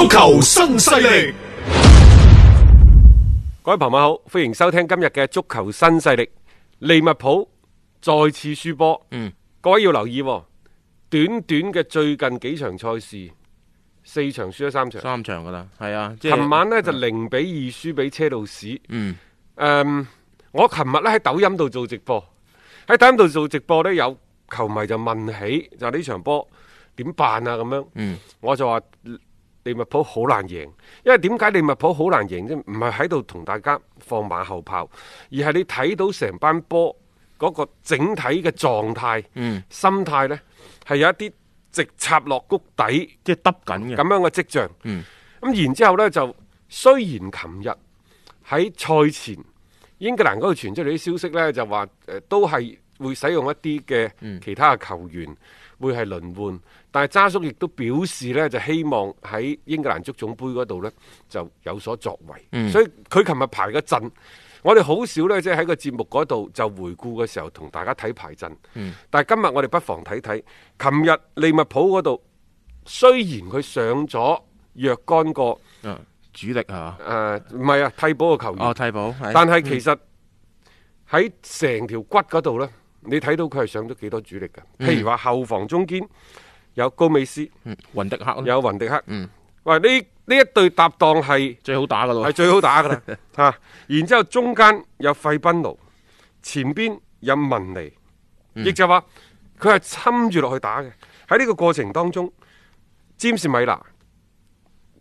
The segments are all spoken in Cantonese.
足球新勢力，各位朋友好，歡迎收聽今日嘅足球新勢力。利物浦再次輸波，嗯，各位要留意，短短嘅最近幾場賽事，四場輸咗三場，三場㗎喇，係啊。琴、就係、晚呢就零比二輸俾車路士，嗯，誒、嗯，我琴日咧喺抖音度做直播，喺抖音度做直播呢，有球迷就問起，就呢場波點辦啊咁樣，嗯，我就話。利物浦好難贏，因為點解利物浦好難贏啫？唔係喺度同大家放馬後炮，而係你睇到成班波嗰個整體嘅狀態、心態呢係有一啲直插落谷底，即係耷緊咁樣嘅跡象。咁、嗯、然之後咧，就雖然琴日喺賽前英格蘭嗰度傳出嚟啲消息呢，就話誒、呃、都係。會使用一啲嘅其他嘅球員，嗯、會係輪換，但係渣叔亦都表示呢就希望喺英格蘭足總杯嗰度呢就有所作為。嗯、所以佢琴日排個陣，我哋好少呢。即係喺個節目嗰度就回顧嘅時候同大家睇排陣、嗯。但係今日我哋不妨睇睇，琴日利物浦嗰度雖然佢上咗若干個、啊、主力吓，誒唔係啊替補嘅球員，替、哦、補、哎，但係其實喺成條骨嗰度呢。你睇到佢係上咗幾多主力㗎？譬如話後防中堅有高美斯、雲迪克，有雲迪克。喂、嗯，呢呢一對搭檔係最好打噶咯，係最好打噶啦嚇。然之後中間有費賓奴，前邊有文尼，亦、嗯、就話佢係侵住落去打嘅。喺呢個過程當中，詹士米拿，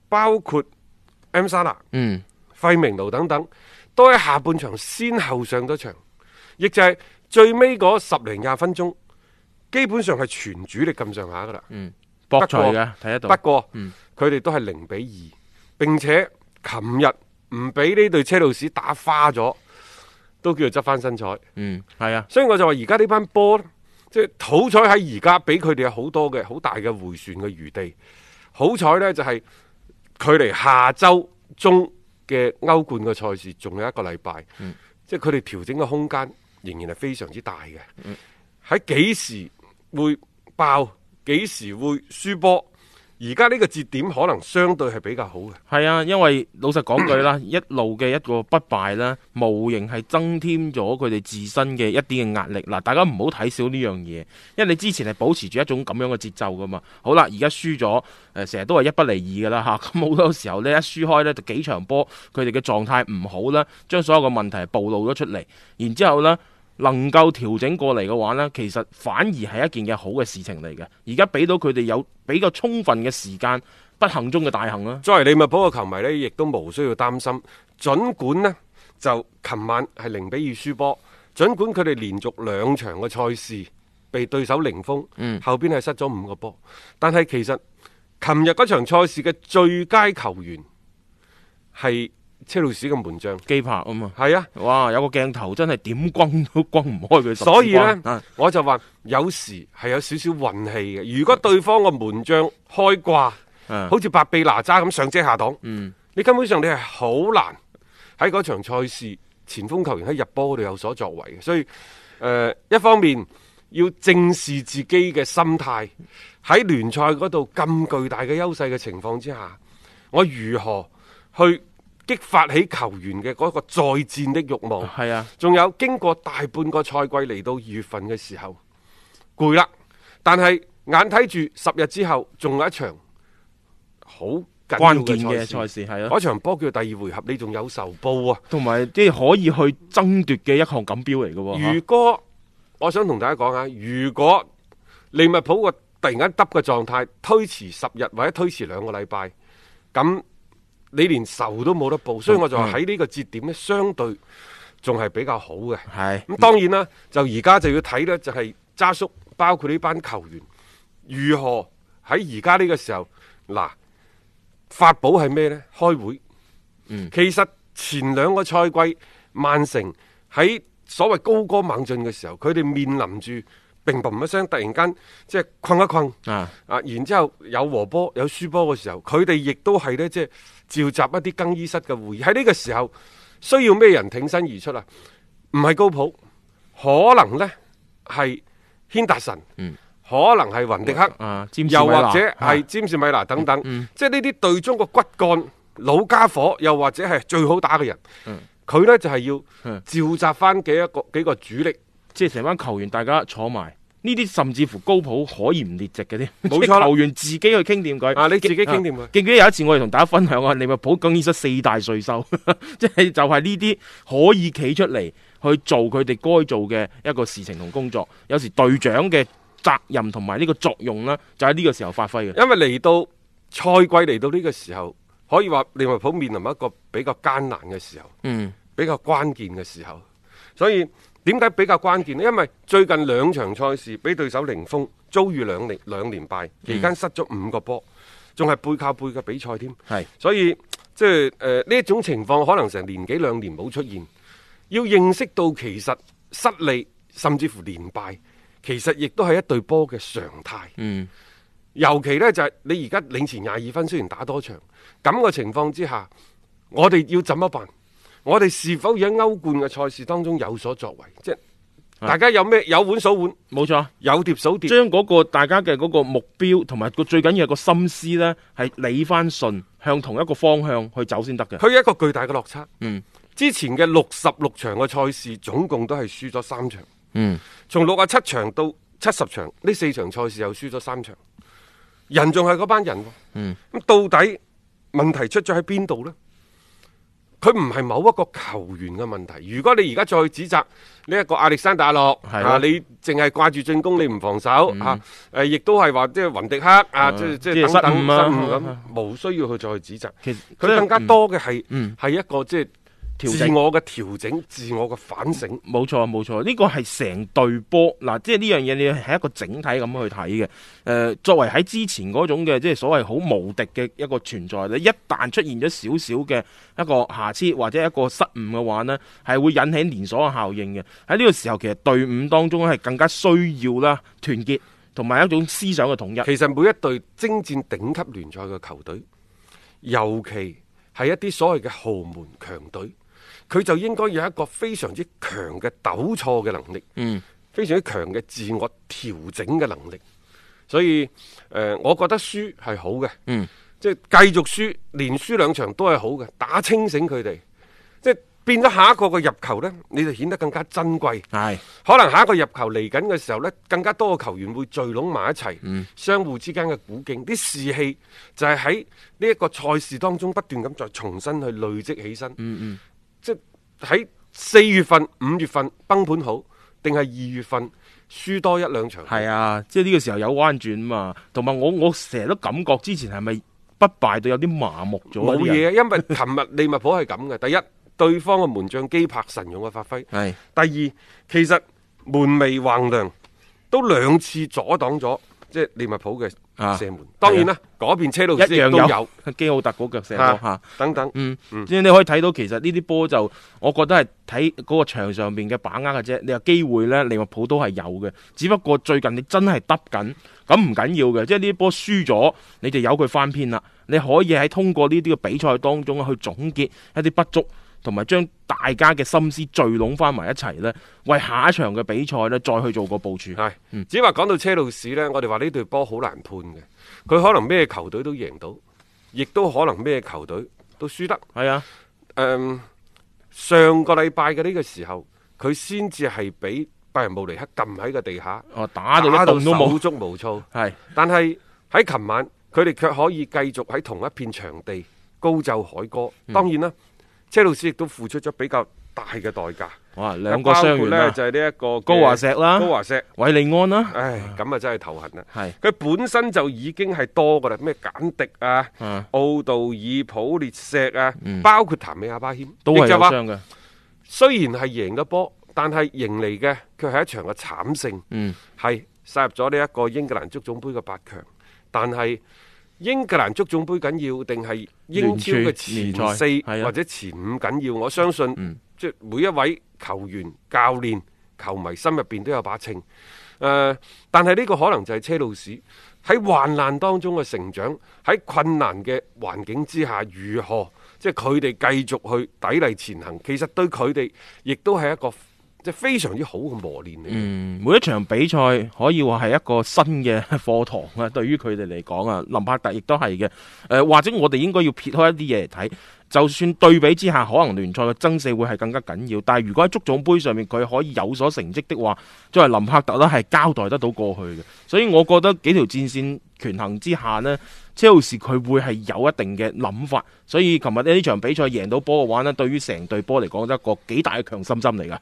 包括 M 沙拿、嗯、費明奴等等，都喺下半場先後上咗場，亦就係、是。最尾嗰十零廿分鐘，基本上係全主力咁上下噶啦。嗯，博取嘅睇得到。不過，佢、嗯、哋都係零比二，並且琴日唔俾呢對車路士打花咗，都叫做執翻身彩。嗯，係啊。所以我就話而家呢班波，即係好彩喺而家俾佢哋有好多嘅好大嘅回旋嘅餘地。好彩呢就係距離下周中嘅歐冠嘅賽事仲有一個禮拜。即係佢哋調整嘅空間。仍然係非常之大嘅，喺幾時會爆？幾時會輸波？而家呢個節點可能相對係比較好嘅。係啊，因為老實講句啦，一路嘅一個不敗啦，無形係增添咗佢哋自身嘅一啲嘅壓力。嗱，大家唔好睇少呢樣嘢，因為你之前係保持住一種咁樣嘅節奏噶嘛。好啦，而家輸咗，誒、呃，成日都係一不離二噶啦吓。咁、啊、好多時候呢，一輸開呢，就幾場波，佢哋嘅狀態唔好啦，將所有嘅問題暴露咗出嚟，然之後咧。能夠調整過嚟嘅話呢，其實反而係一件嘅好嘅事情嚟嘅。而家俾到佢哋有比較充分嘅時間，不幸中嘅大幸啦。作為利物浦嘅球迷呢，亦都無需要擔心。儘管呢，就琴晚係零比二輸波，儘管佢哋連續兩場嘅賽事被對手零封，面嗯，後邊係失咗五個波，但係其實琴日嗰場賽事嘅最佳球員係，車路士嘅門將機拍啊嘛，係、嗯、啊，哇！有個鏡頭真係點轟都轟唔開佢，所以呢、嗯，我就話有時係有少少運氣嘅。如果對方個門將開掛、嗯，好似白臂拿渣咁上遮下擋、嗯，你根本上你係好難喺嗰場賽事前鋒球員喺入波嗰度有所作為嘅。所以誒、呃，一方面要正視自己嘅心態喺聯賽嗰度咁巨大嘅優勢嘅情況之下，我如何去？激發起球員嘅嗰個再戰的欲望。係啊，仲有經過大半個賽季嚟到二月份嘅時候，攰啦。但係眼睇住十日之後，仲有一場好關鍵嘅賽事，嗰、啊、場波叫第二回合，你仲有仇報啊，同埋即係可以去爭奪嘅一項錦標嚟嘅。如果、啊、我想同大家講下，如果利物浦個突然間耷嘅狀態，推遲十日或者推遲兩個禮拜，咁。你連仇都冇得報，所以我就話喺呢個節點呢，嗯、相對仲係比較好嘅。係咁、嗯，當然啦，就而家就要睇呢，就係、是、揸叔，包括呢班球員如何喺而家呢個時候，嗱，法寶係咩呢？開會。嗯，其實前兩個賽季，曼城喺所謂高歌猛進嘅時候，佢哋面臨住。砰砰一聲，突然間即係困一困啊！啊，然之後有和波有輸波嘅時候，佢哋亦都係咧，即係召集一啲更衣室嘅會議。喺呢個時候需要咩人挺身而出啊？唔係高普，可能咧係軒達臣，可能係雲迪克啊，啊，又或者係詹士米拿等等，即係呢啲隊中個骨幹老家伙，又或者係最好打嘅人，佢、嗯、咧就係、是、要召集翻幾一個幾個主力，即係成班球員大家坐埋。呢啲甚至乎高普可以唔列席嘅啲，冇錯啦， 完自己去傾掂佢。啊，你自己傾掂佢，記唔記得有一次我哋同大家分享啊，利物浦更衣室四大稅收，即 係就係呢啲可以企出嚟去做佢哋該做嘅一個事情同工作。有時隊長嘅責任同埋呢個作用啦，就喺呢個時候發揮嘅。因為嚟到賽季嚟到呢個時候，可以話利物浦面臨一個比較艱難嘅時候，嗯，比較關鍵嘅時候，所以。點解比較關鍵呢？因為最近兩場賽事俾對手零封，遭遇兩連兩連敗，期間失咗五個波，仲係背靠背嘅比賽添。係，所以即係誒呢一種情況，可能成年幾兩年冇出現。要認識到其實失利甚至乎連敗，其實亦都係一隊波嘅常態。嗯，尤其呢，就係、是、你而家領前廿二分，雖然打多場咁嘅情況之下，我哋要怎麼辦？我哋是否喺歐冠嘅賽事當中有所作為？即大家有咩有碗數碗，冇錯，有碟數碟。將嗰個大家嘅嗰個目標同埋個最緊要個心思呢，係理返順向同一個方向去走先得嘅。去一個巨大嘅落差。嗯，之前嘅六十六場嘅賽事總共都係輸咗三場。嗯，從六啊七場到七十場，呢四場賽事又輸咗三場。人仲係嗰班人。嗯，咁到底問題出咗喺邊度呢？佢唔係某一個球員嘅問題。如果你而家再去指責呢一個亞歷山大洛啊，啊，啊，你淨係掛住進攻，你唔防守、嗯、啊？亦都係話即係雲迪克啊，即係即係等等失誤咁，冇、啊啊、需要去再去指責。其實佢更加多嘅係係一個即係。就是自我嘅調整，自我嘅反省，冇錯冇錯，呢個係成隊波嗱，即係呢樣嘢，你係一個整體咁去睇嘅。誒、呃，作為喺之前嗰種嘅即係所謂好無敵嘅一個存在，你一旦出現咗少少嘅一個瑕疵或者一個失誤嘅話，呢係會引起連鎖嘅效應嘅。喺呢個時候，其實隊伍當中係更加需要啦團結同埋一種思想嘅統一。其實每一隊征戰頂級聯賽嘅球隊，尤其係一啲所謂嘅豪門強隊。佢就應該有一個非常之強嘅糾錯嘅能力，嗯，非常之強嘅自我調整嘅能力。所以誒，呃，我覺得輸係好嘅，嗯，即係繼續輸，連輸兩場都係好嘅，打清醒佢哋，即係變咗下一個嘅入球呢，你就顯得更加珍貴係。可能下一個入球嚟緊嘅時候呢，更加多嘅球員會聚攏埋一齊，嗯，相互之間嘅鼓勁，啲士氣就係喺呢一個賽事當中不斷咁再重新去累積起身，嗯嗯。喺四月份、五月份崩盤好，定係二月份輸多一兩場？係啊，即係呢個時候有彎轉啊嘛。同埋我我成日都感覺之前係咪不，不敗到有啲麻木咗？冇嘢，因為琴日利物浦係咁嘅。 第一，對方嘅門將基柏神勇嘅發揮；係第二，其實門楣橫樑都兩次阻擋咗，即係利物浦嘅。啊！射門，當然啦，嗰邊車路一樣有基奧特嗰腳射吓、啊、等等，嗯嗯，即係你可以睇到，其實呢啲波就我覺得係睇嗰個場上邊嘅把握嘅啫。你有機會咧，利物浦都係有嘅，只不過最近你真係得緊，咁唔緊要嘅，即係呢波輸咗，你就由佢翻篇啦。你可以喺通過呢啲嘅比賽當中去總結一啲不足。同埋將大家嘅心思聚攏翻埋一齊呢，為下一場嘅比賽呢，再去做個部署。係，只係話講到車路士呢，我哋話呢隊波好難判嘅，佢可能咩球隊都贏到，亦都可能咩球隊都輸得。係啊，誒、呃，上個禮拜嘅呢個時候，佢先至係俾拜仁慕尼黑撳喺個地下、啊，打到手足無措。係，但係喺琴晚，佢哋卻可以繼續喺同一片場地高奏凱歌、嗯。當然啦。車路士亦都付出咗比較大嘅代價，哇！兩個傷員啦，就係呢一個高華石啦，高華石、韋利安啦，唉，咁啊真係頭痕啦。係佢本身就已經係多噶啦，咩簡迪啊、奧杜爾普列石啊，嗯、包括譚美亞巴謙，都係有傷嘅。雖然係贏咗波，但係贏嚟嘅卻係一場嘅慘勝。嗯，係殺入咗呢一個英格蘭足總盃嘅八強，但係。英格蘭足總杯緊要定係英超嘅前四或者前五緊要？我相信即每一位球員、教練、球迷心入邊都有把秤。呃，但係呢個可能就係車路士喺患難當中嘅成長，喺困難嘅環境之下如何即係佢哋繼續去砥礪前行？其實對佢哋亦都係一個。即係非常之好嘅磨練嚟。嗯，每一場比賽可以話係一個新嘅課堂啊，對於佢哋嚟講啊，林柏特亦都係嘅。誒、呃，或者我哋應該要撇開一啲嘢嚟睇，就算對比之下，可能聯賽嘅爭四會係更加緊要。但係如果喺足總杯上面佢可以有所成績的話，作為林柏特咧係交代得到過去嘅。所以我覺得幾條戰線權衡之下呢，車路士佢會係有一定嘅諗法。所以琴日呢場比賽贏到波嘅話呢，對於成隊波嚟講都一個幾大嘅強心針嚟噶。